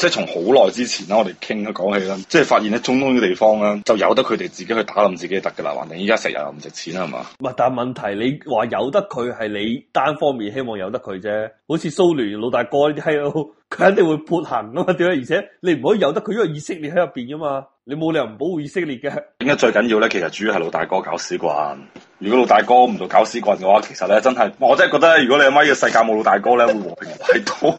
即係從好耐之前啦，我哋傾一講起啦，即係發現咧中東啲地方咧，就由得佢哋自己去打冧自己得特㗎啦，橫掂依家石油又唔值錢啦，係嘛？唔係，但係問題你話由得佢係你單方面希望由得佢啫，好似蘇聯老大哥呢啲喺度，佢肯定會潑行啊嘛？點解？而且你唔可以由得佢，因為以色列喺入邊㗎嘛，你冇理由唔保護以色列嘅。點解？最緊要咧，其實主要係老大哥搞屎棍。如果老大哥唔做搞屎棍嘅話，其實咧真係我真係覺得，如果你阿媽嘅世界冇老大哥咧，會和平太多。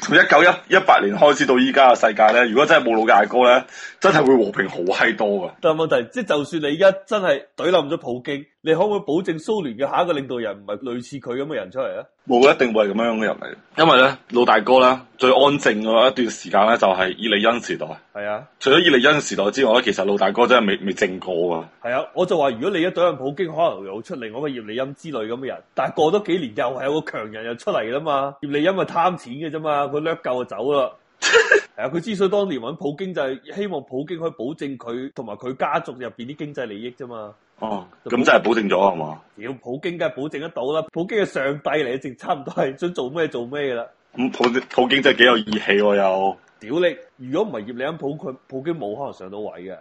從一九一一八年開始到依家嘅世界咧，如果真係冇老大哥咧，真係會和平好閪多噶。但係問題，即係就算你而家真係懟冧咗普京。你可唔可以保證蘇聯嘅下一個領導人唔係類似佢咁嘅人出嚟啊？冇一定會係咁樣樣嘅人嚟，因為咧老大哥啦，最安靜嘅一段時間咧就係、是、葉利欽時代。係啊，除咗葉利欽時代之外咧，其實老大哥真係未未靜過噶。係啊，我就話如果你一到咗普京可能又會出嚟，我個葉利欽之類咁嘅人，但係過咗幾年又係有個強人又出嚟噶嘛？葉利欽咪貪錢嘅啫嘛，佢掠夠就走啦。係 啊，佢之所以當年搵普京就係希望普京可以保證佢同埋佢家族入邊啲經濟利益啫嘛。哦，咁真係保證咗係嘛？屌，普京梗係保證得到啦，普京嘅上帝嚟，淨差唔多係想做咩做咩噶啦。咁普普京真係幾有義氣喎又。屌你，如果唔係葉利欽，普京普京冇可能上到位嘅。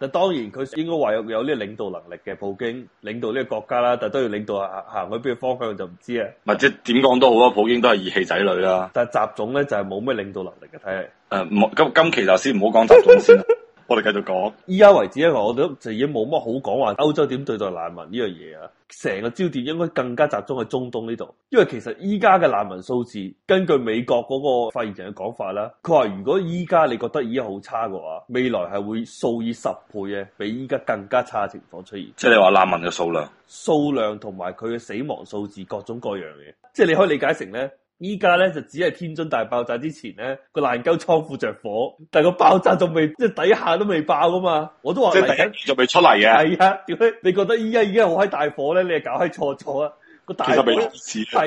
但當然佢應該話有有啲領導能力嘅普京領導呢個國家啦，但都要領導行行去邊個方向就唔知啊。咪即係點講都好啦，普京都係義氣仔女啦。但係習總咧就係冇咩領導能力嘅，睇嚟。誒、呃，唔今今期就先唔好講習總先。 我哋繼續講，依家為止因為，我哋都就已經冇乜好講話歐洲點對待難民呢樣嘢啊！成個焦點應該更加集中喺中東呢度，因為其實依家嘅難民數字，根據美國嗰個發言人嘅講法啦，佢話如果依家你覺得已經好差嘅話，未來係會數以十倍嘅比依家更加差嘅情況出現。即係你話難民嘅數量、數量同埋佢嘅死亡數字各種各樣嘅，即係你可以理解成咧。依家咧就只係天津大爆炸之前咧個爛鳩倉庫着火，但係個爆炸仲未，即係底下都未爆啊嘛！我都話即係第一就未出嚟嘅。係啊，屌你你覺得依家已經好閪大火咧？你係搞閪錯咗啊！個大火係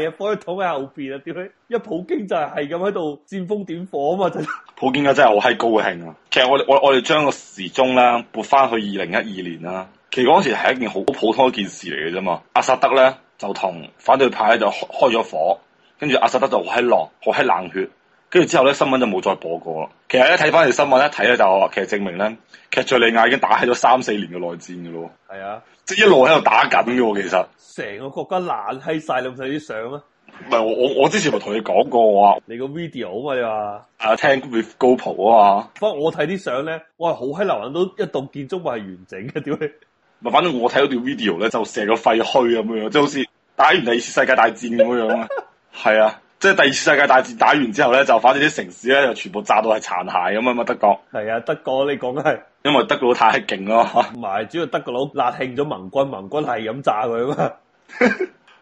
啊，火喺躺喺後邊啊，屌你？因為普京就係係咁喺度煽風點火啊嘛！真、就是、 普京啊，真係好閪高興啊！其實我我我哋將個時鐘咧撥翻去二零一二年啦、啊，其實嗰陣時係一件好普通一件事嚟嘅啫嘛。阿薩德咧就同反對派咧就開開咗火。跟住阿沙德，德就好閪狼，好閪冷血。跟住之後咧，新聞就冇再播過啦。其實咧，睇翻條新聞一睇咧，就話其實證明咧，其實利亞已經打起咗三四年嘅內戰噶咯。係啊，即係一路喺度打緊嘅喎，其實成個國家爛閪晒，你唔睇啲相啊？唔係我我我之前咪同你講過啊，你個 video 啊嘛，啊聽 g o t h 高普啊嘛。不過我睇啲相咧，我係好閪流，揾都一棟建築物係完整嘅屌解？唔反正我睇到條 video 咧就成個廢墟咁樣，即、就、係、是、好似打完第二次世界大戰咁樣啊。 係啊，即係第二次世界大戰打完之後咧，就反正啲城市咧就全部炸到係殘骸咁啊嘛，德國。係啊，德國你講緊係，因為德國佬太勁咯，唔係，主要德國佬辣慶咗盟軍，盟軍係咁炸佢啊嘛。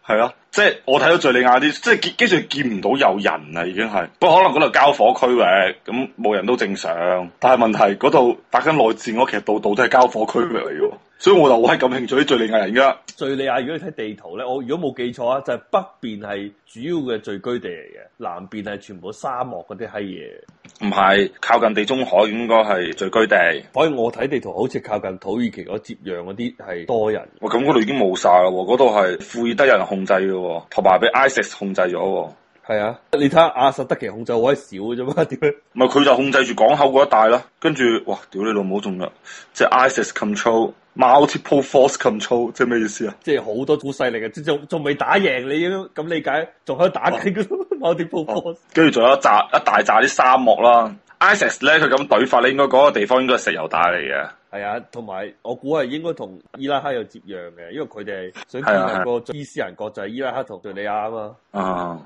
係 啊，即係我睇到敘利亞啲，即係基本上見唔到有人啊，已經係。不過可能嗰度交火區域，咁冇人都正常。但係問題嗰度發生內戰，我其實度度都係交火區域嚟嘅。 所以我就好係感興趣啲敘利亞人噶。敘利亞如果你睇地圖咧，我如果冇記錯啊，就係北邊係主要嘅聚居地嚟嘅，南邊係全部沙漠嗰啲閪嘢。唔係，靠近地中海應該係聚居地。所以我睇地圖好似靠近土耳其嗰接壤嗰啲係多人。我咁嗰度已經冇晒啦，嗰度係庫爾德人控制嘅，同埋俾 ISIS 控制咗。係啊，你睇下阿薩德其實控制位少嘅啫嘛，點樣？咪佢就控制住港口嗰一帶啦，跟住，哇，屌你老母仲有、就是，即係 ISIS control multiple force control，即係咩意思啊？即係好多股勢力嘅，即仲仲未打贏你咁理解，仲喺度打緊嘅 multiple force。跟住仲有一扎一大扎啲沙漠啦。ISIS 咧、啊，佢咁懟法你應該嗰、那個地方應該係石油帶嚟嘅。係啊，同埋我估係應該同伊，伊，伊拉克有接壤嘅，因為佢哋想建立個伊斯蘭國就係伊拉克同敘利亞啊嘛。 啊。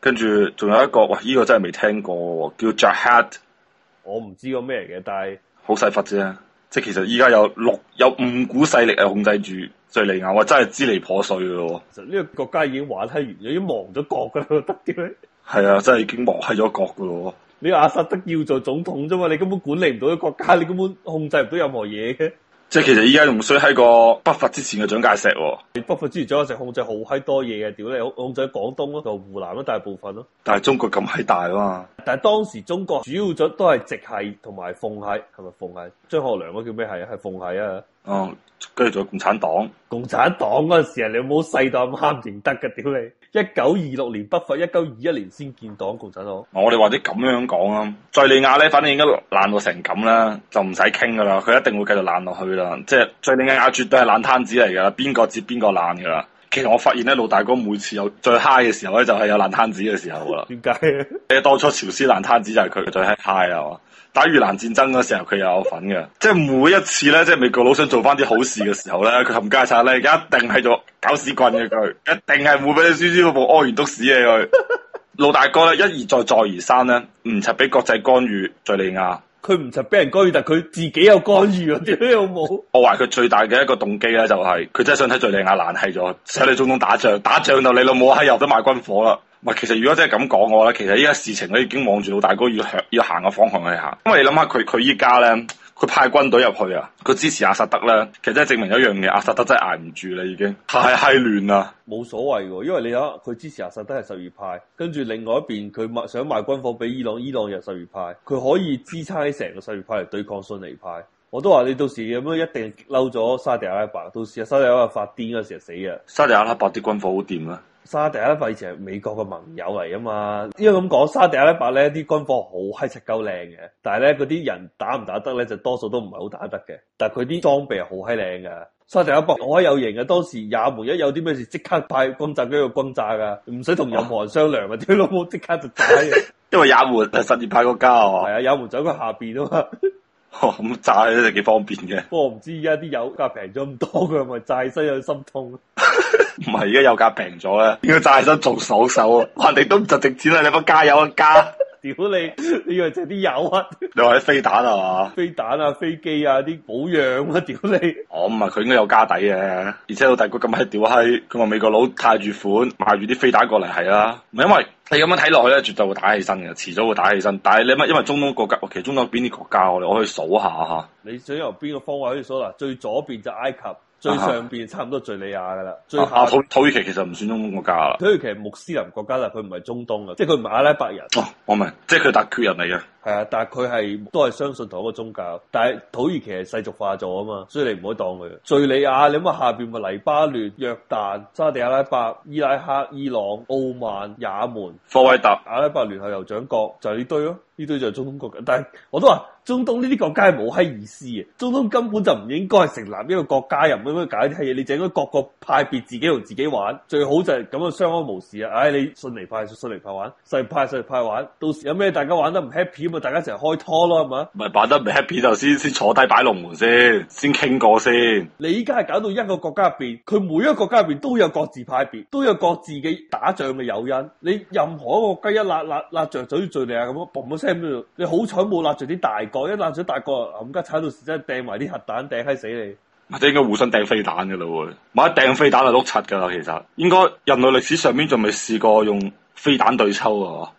跟住仲有一個，哇！依、這個真係未聽過，叫 Jahad。我唔知個咩嘅，但係好細忽啫。即係其實依家有六有五股勢力係控制住敍利亞，我真係支離破碎咯。其實呢個國家已經玩係完，已經亡咗國噶啦，得啲咩？係啊，真係已經亡係咗國噶咯。你阿薩德要做總統啫嘛？你根本管理唔到個國家，你根本控制唔到任何嘢嘅。即係其實依家仲水喺個北伐之前嘅蔣介石喎。哦，北伐之前蔣介石控制好閪多嘢嘅，屌你控控制廣東咯，同湖南都大部分咯。但係中國咁閪大啊嘛，但係當時中國主要咗都係直系同埋奉系，係咪奉系？張學良嗰叫咩係，係啊？係奉系啊？哦，跟住仲有共產黨。共產黨嗰陣時啊，你冇有有細到咁啱認得嘅，屌、嗯、你有有悉悉！一九二六年北伐，一九二一年先建黨，共產黨。我哋或者咁樣講啊，敘利亞咧，反正而家爛到成咁啦，就唔使傾噶啦，佢一定會繼續爛落去啦。即係叙利亞絕對係爛攤子嚟噶啦，邊個接邊個爛噶啦。其實我發現咧，老大哥每次有最嗨嘅時候咧，就係有爛攤子嘅時候噶啦。點解？誒，當初朝鮮爛攤子就係佢最嗨。i g 打越南戰爭嗰時候，佢又有份嘅。即係每一次咧，即係美國佬想做翻啲好事嘅時候咧，佢冚家鏟咧一定係做搞屎棍嘅佢，一定係會俾你舒舒服服屙完督屎嘢佢。 老大哥咧，一而再，再而三咧，唔察俾國際干預敘利亞，佢唔察俾人干預，但佢自己有干預啊！啲咩好冇？我話佢最大嘅一個動機咧，就是，就係佢真係想睇敘利亞爛係咗，想你中東打仗打仗就你老母喺又都賣軍火啦。唔，其實如果真係咁講嘅話咧，其實依家事情咧已經望住老大哥要向要行個方向去行。因為你諗下佢，佢依家咧，佢派軍隊入去啊，佢支持阿薩德咧，其實真係證明有一樣嘢，阿薩德真係捱唔住啦，已經太閪亂啦。冇所謂噶，因為你諗，佢支持阿薩德係十二派，跟住另外一邊佢想賣軍火俾伊朗，伊朗又十二派，佢可以支撐成個十二派嚟對抗遜尼派。我都話你到時有樣一定嬲咗沙地阿拉伯，到時啊沙地阿拉伯發癲嗰時死啊。沙地阿拉伯啲軍火好掂啦。沙特阿拉伯以前係美國嘅盟友嚟啊嘛，因為咁講沙特阿拉伯咧啲軍火好閪柒鳩靚嘅，但係咧嗰啲人打唔打得咧就多數都唔係好打得嘅，但係佢啲裝備係好閪靚嘅。沙特阿拉伯好閪有型嘅，當時也門一有啲咩事，即刻派轟炸機去轟炸㗎，唔使同任何人商量，啲老母即刻就打 因為也門係什葉派國家啊嘛，係 啊，也門就喺下邊啊嘛。 哦，咁炸起真係幾方便嘅，哦。不過唔知而家啲油價平咗咁多，佢係咪炸起身有心痛？唔係， 而家油價平咗咧，應該炸起身仲爽手啊！人哋都唔就值錢啦，你咪加油啊加！屌 你！你以為淨係啲油啊？你話啲飛彈啊嘛？飛彈啊、飛機啊、啲保養啊，屌 你！ 哦，唔係佢應該有家底嘅。而且老大哥咁係屌閪，佢話美國佬貸住款買住啲飛彈過嚟，係啊！唔係 因為你咁樣睇落去咧，絕對會打起身嘅，遲早會打起身。但係你咪因為中東國家，其中東邊啲國家我哋可以數下吓。你想由邊個方位可以數啦？最左邊就埃及。最上邊差唔多敍利亞㗎喇，啊、最下、啊、土土耳其其實唔算中東國家啦。土耳其係穆斯林國家啦，佢唔係中東啊，即係佢唔係阿拉伯人。哦，我明白，即係佢突厥人嚟嘅。係啊，但係佢係都係相信同一個宗教。但係土耳其係世俗化咗啊嘛，所以你唔可以當佢。敘利亞，你諗下下邊咪黎巴嫩、約旦、沙特阿拉伯、伊拉克、伊朗、奧曼、也門、科威特、阿拉伯聯合酋長國，就呢、是、堆咯。呢堆就係中東國家。但係我都話中東呢啲國家係冇閪意思嘅，中東根本就唔應該係成立一個國家入邊去搞啲閪嘢，你就應該各個派別自己同自己玩，最好就係咁樣，相安無事啊。唉、哎，你信尼派信尼派玩，世派世派玩，到時有咩大家玩得唔 happy？咁啊，大家成日開拖咯，係嘛？唔係擺得唔 happy 就先先坐低擺龍門先，先傾過先。你依家係搞到一個國家入邊，佢每一個國家入邊都有各自派別，都有各自嘅打仗嘅誘因。你任何一個國家一拉拉拉著嘴嘴你啊，咁啊嘣一聲咁樣，Digital, SO、Everyone，你好彩冇拉著啲大國，一拉著大國啊，冚家鏟到時真係掟埋啲核彈，掟閪死你。或者應該互相掟飛彈噶咯喎，萬一掟飛彈就碌柒噶啦。其實應該人類歷史上面仲未試過用飛彈對抽啊。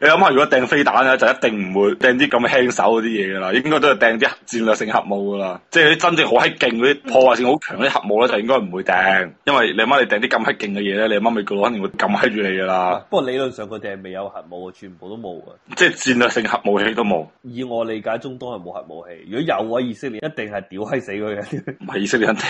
你諗下，如果掟飛彈咧，就一定唔會掟啲咁輕手嗰啲嘢噶啦，應該都係掟啲戰略性核武噶啦。即係啲真正好閪勁嗰啲破壞性好強啲核武咧，就應該唔會掟，因為你媽你掟啲咁閪勁嘅嘢咧，你媽咪佢肯定會撳閪住你噶啦。不過理論上佢哋係未有核武，全部都冇嘅，即係戰略性核武器都冇。以我理解，中東都係冇核武器。如果有嘅話，以色列一定係屌閪死佢嘅。唔係以色列，係一人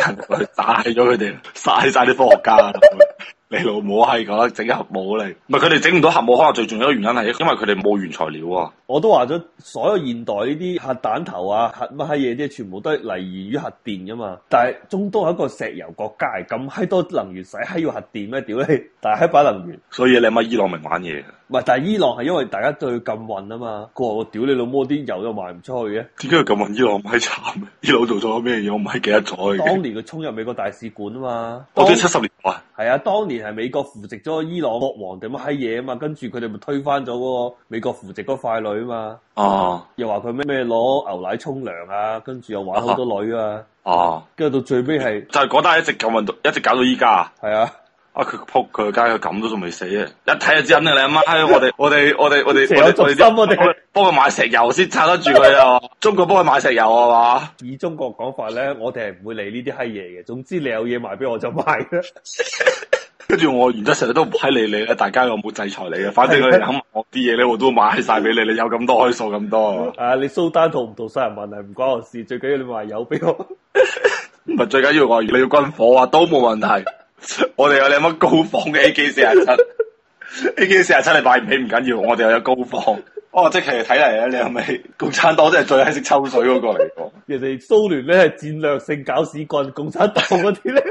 人個時間去打起咗佢哋，殺晒啲科學家。 你老母係講整核武嚟，唔係佢哋整唔到核武，可能最重要嘅原因係因為佢哋冇原材料啊！我都話咗，所有現代呢啲核彈頭啊、核乜閪嘢啲，全部都係嚟源於核電噶嘛。但係中東係一個石油國家，咁喺多能源使喺要核電咩？屌你，大喺把能源。所以你咪伊朗明玩嘢。唔係，但係伊朗係因為大家都去禁運啊嘛，個屌你老母啲油又賣唔出去嘅。點解佢禁運伊朗咪慘？伊朗做咗咩嘢？我唔係記得咗。當年佢衝入美國大使館啊嘛。我當即七十年代係啊，當年係美國扶植咗伊朗國王定乜閪嘢啊嘛，跟住佢哋咪推翻咗嗰個美國扶植嗰塊女啊嘛。哦、啊。又話佢咩咩攞牛奶沖涼啊，跟住又玩好多女啊。哦、啊。跟、啊、住到最尾係就係嗰單一直禁運到一直搞到依家啊。係啊。啊！佢扑佢街，佢咁都仲未死啊！一睇就知，肯定你阿媽。我哋我哋我哋 我哋我哋我哋幫佢買石油先撐得住佢啊！ 中國幫佢買石油啊嘛！以中國講法咧，我哋係唔會理呢啲閪嘢嘅。總之你有嘢賣俾我就賣啦。跟住我原則上都唔係理你啦。大家又冇制裁你嘅，反正佢飲我啲嘢咧， 我都買晒俾你。你有咁多開數咁多。 啊！你蘇丹同唔同殺人問題唔關我事，最緊要你賣油俾我。唔 係最緊要我你要軍火啊，都冇問題。我哋有高 你乜高仿嘅 A K 四廿七，A K 四廿七你買唔起唔緊要,要，我哋又有高仿。 哦，即係其實睇嚟咧，你係咪共產黨真係最係識抽水嗰、嗰個嚟講？人哋蘇聯咧係戰略性搞屎棍，共產黨嗰啲咧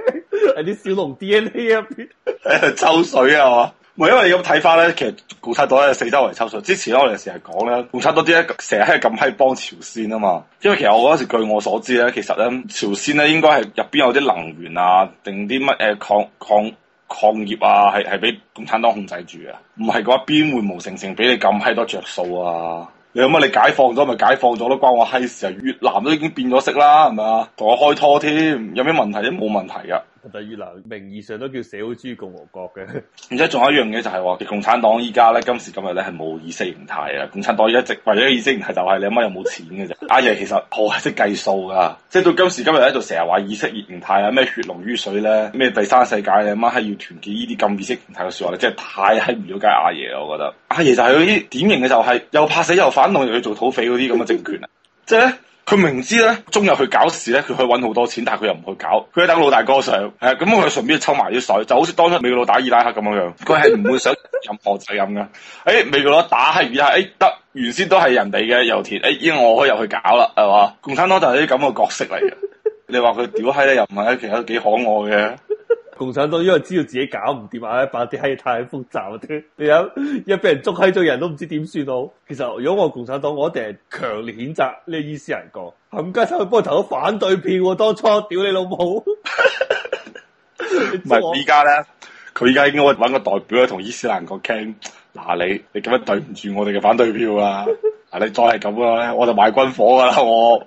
係啲小龍 D N A 入邊抽水係嘛？唔係，因為你咁睇法咧，其實共產黨咧四周圍抽水。之前咧我哋成日講咧，共產黨啲咧，成日喺咁閪幫朝鮮啊嘛。因為其實我嗰時據我所知咧，其實咧朝鮮咧應該係入邊有啲能源啊，定啲乜嘢礦礦礦業啊，係係俾共產黨控制住啊。唔係嘅話，邊會無成成俾你咁閪多着數啊？你有乜？你解放咗咪解放咗都關我閪事啊！越南都已經變咗色啦，係咪啊？同我開拖添，有咩問題都冇問題㗎！第二，嗱，名義上都叫社會主義共和國嘅，而且仲有一樣嘢就係、是、話，共產黨依家咧今時今日咧係冇意識形態啊！共產黨一直為咗意識形態、就是，就係你有有 阿媽又冇錢嘅啫。阿爺其實好識計數噶，即係到今時今日咧，就成日話意識形態啊，咩血濃於水咧，咩第三世界你阿媽係要團結呢啲咁意識形態嘅說話咧，真係太係唔了解阿爺，我覺得阿爺就係啲典型嘅、就是，就係又怕死又反動又要做土匪嗰啲咁嘅政權啊， 即係。佢明知咧，中日去搞事咧，佢可以揾好多錢，但係佢又唔去搞，佢喺等老大哥上，係咁我順便抽埋啲水，就好似當初美國佬打伊拉克咁樣樣，佢係唔會想任何責任嘅。誒、欸，美國佬打伊拉克，誒、欸、得原先都係人哋嘅油田，誒、欸、依我可以入去搞啦，係嘛？共產黨就係啲咁嘅角色嚟嘅，你話佢屌閪咧，又唔係其實都幾可愛嘅。共產黨因為知道自己搞唔掂啊，辦啲閪太複雜啲，你一一俾人捉閪咗人都唔知點算好。其實如果我共產黨，我一定係強烈譴責呢個伊斯蘭國，冚家走去幫我投咗反對票，當初屌你老母。唔係， 依家咧，佢依家應該揾個代表去同伊斯蘭國傾。嗱、啊，你你咁樣對唔住我哋嘅反對票啊！嗱， 你再係咁嘅話咧，我就買軍火㗎啦我。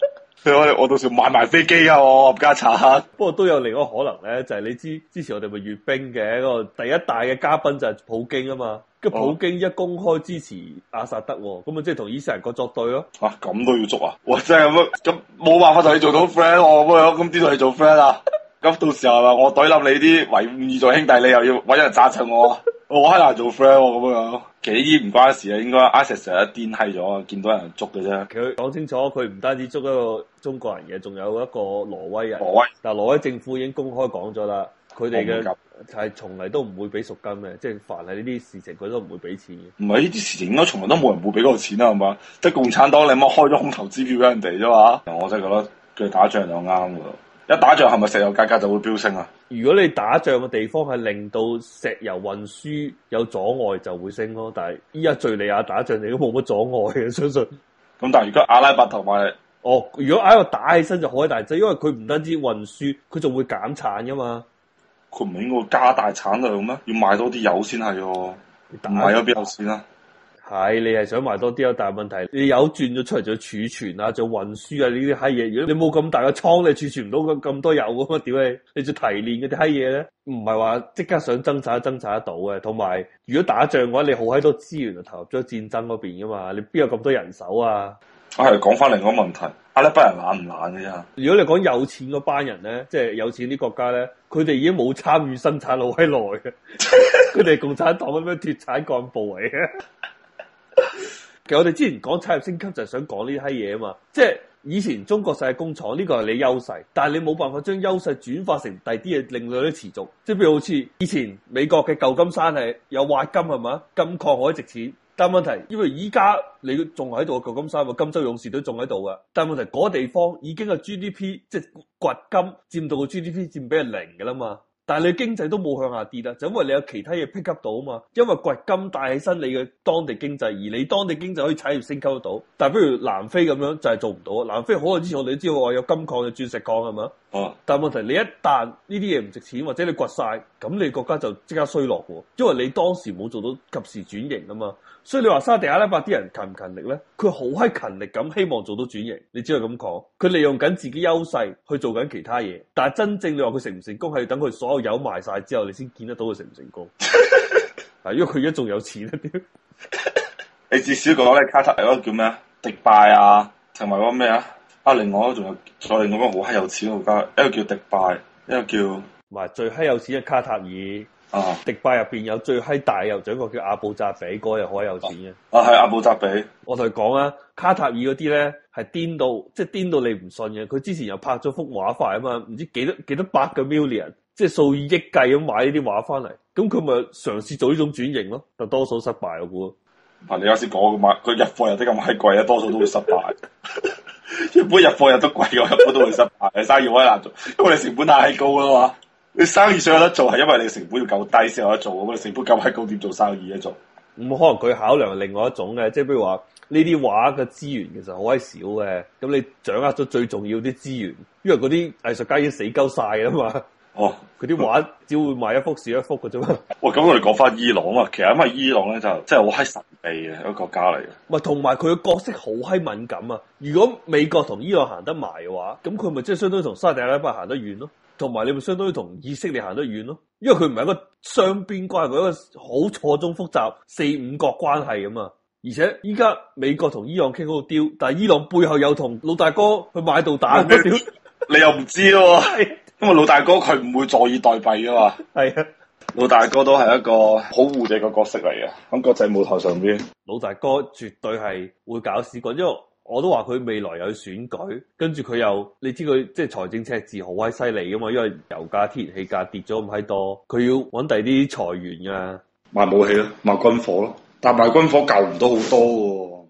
我我到時買埋飛機啊，我冚家鏟。不過都有另一個可能咧，就係你知之前我哋咪閱兵嘅個第一大嘅嘉賓就係普京啊嘛。咁普京一公開支持阿薩德，咁啊即係同伊斯蘭國作對咯、啊。啊，咁都要捉啊？哇，真係咁，咁冇辦法同你做到 friend，我唔咁邊度係做 friend 啊？咁到時候啊，我懟冧你啲維吾爾族兄弟，你又要搵人扎襯我，我喺難做 friend 喎、啊，咁樣。其實呢啲唔關事啊，應該 ISIS 成日癲閪咗，見到人捉嘅啫。佢講清楚，佢唔單止捉一個中國人嘅，仲有一個挪威人。挪威？但挪威政府已經公開講咗啦，佢哋嘅係從嚟都唔會俾贖金嘅，即係凡係呢啲事情，佢都唔會俾錢。唔係呢啲事情，應該從來都冇人會俾個錢啊嘛，即係共產黨你乜開咗空頭支票俾人哋啫嘛。我真係覺得佢打仗就啱喎。一打仗係咪石油價格就會飆升啊？如果你打仗嘅地方係令到石油運輸有阻礙，就會升咯。但係依家敘利亞打仗你都冇乜阻礙嘅，相信。咁但係而家阿拉伯同埋，哦，如果喺度打起身就好大隻，因為佢唔單止運輸，佢仲會減產噶嘛。佢唔應該加大產量咩？要賣多啲油先係，唔係咗邊有錢啊？係，你係想買多啲啊？但係問題你油轉咗出嚟就儲存啊，就運輸啊呢啲嗨嘢。如果你冇咁大嘅倉，你儲存唔到咁咁多油咁嘛？點咧？你仲提煉嗰啲嗨嘢咧？唔係話即刻想生產，生產得到嘅。同埋，如果打仗嘅話，你好喺多資源就投入咗戰爭嗰邊噶嘛？你邊有咁多人手啊？我係講翻另一個問題：阿拉伯人懶唔懶嘅啫？如果你講有錢嗰班人咧，即係有錢啲國家咧，佢哋已經冇參與生產好閪耐嘅，佢哋共產黨咁樣脫產幹部嚟嘅。其實我哋之前講產業升級就係想講呢啲嘢啊嘛，即係以前中國世界工廠呢、呢個係你優勢，但係你冇辦法將優勢轉化成第二啲嘢令到你持續，即係譬如好似以前美國嘅舊金山係有挖金係嘛，金礦可以值錢，但係問題因為依家你仲喺度嘅舊金山個金州勇士都仲喺度啊。但係問題嗰、嗰個、地方已經係 GDP 即係掘金佔到個 GDP 佔比係零噶啦嘛。但係你經濟都冇向下跌啦，就因為你有其他嘢 pick up 到啊嘛，因為掘金帶起身你嘅當地經濟，而你當地經濟可以產業升級得到。但係比如南非咁樣就係、是、做唔到，南非好耐之前我哋都知我話有金礦有鑽石礦係嘛，哦。啊、但係問題你一旦呢啲嘢唔值錢或者你掘晒，咁你國家就即刻衰落嘅，因為你當時冇做到及時轉型啊嘛。所以你話沙地阿拉伯啲人勤唔勤力咧？佢好閪勤力咁，希望做到轉型。你只係咁講，佢利用緊自己優勢去做緊其他嘢。但係真正你話佢成唔成功，係要等佢所有有埋晒之後，你先見得到佢成唔成功。啊， 因為佢而家仲有錢啊啲。 你至少講咧，你卡塔爾嗰個叫咩啊？迪拜啊，同埋嗰個咩啊？啊，另外都仲有，再另外嗰個好閪有錢我家，一個叫迪拜，一個叫，同最閪有錢嘅卡塔爾。啊！迪拜入邊有最閪大酋長，一個叫阿布扎比，哥又好有錢嘅、啊。啊，係阿布扎比。我同你講啊，卡塔爾嗰啲咧係癲到，即係癲到你唔信嘅。佢之前又拍咗幅畫塊啊嘛，唔知幾多幾多百個 million，即係數以億計咁買呢啲畫翻嚟。咁佢咪嘗試做呢種轉型咯？就多數失敗我估。嗱，你啱先講嘅嘛，佢日貨又得咁閪貴啊，多數都會失敗。一般 日，日貨又得貴嘅，日本都會失敗。 生意好難做，因為成本太高啦嘛。 你生意上有得做，係因為你成本要夠低先有得做，咁你成本咁閪高，點做生意一做？咁、嗯、可能佢考量另外一種嘅，即係譬如話呢啲畫嘅資源其實好閪少嘅，咁你掌握咗最重要啲資源，因為嗰啲藝術家已經死鳩晒啊嘛。哦，佢啲畫只會賣一幅少一幅嘅啫嘛。喂、哦，咁我哋講翻伊朗啊，其實因為伊朗咧就真係好閪神秘嘅一個國家嚟嘅。係，同埋佢嘅角色好閪敏感啊！如果美國同伊朗行得埋嘅話，咁佢咪即係相當於同沙特阿拉伯行得遠咯。同埋你咪相當於同以色列行得遠咯、啊，因為佢唔係一個雙邊關係，一個好錯綜複雜四五角關係咁嘛、啊。而且依家美國同伊朗傾嗰個屌，但係伊朗背後有同老大哥去買導彈，屌你，你又唔知咯、啊。 因為老大哥佢唔會坐以待斃啊嘛。係啊，老大哥都係一個保護者嘅角色嚟嘅，喺國際舞台上邊，老大哥絕對係會搞屎棍嗰種。我都話佢未來有去選舉，跟住佢又你知佢即係財政赤字好閪犀利㗎嘛？因為油價、天然氣價跌咗咁閪多，佢要揾第啲財源㗎。賣武器咯，賣軍火咯，但賣軍火救唔到好多喎。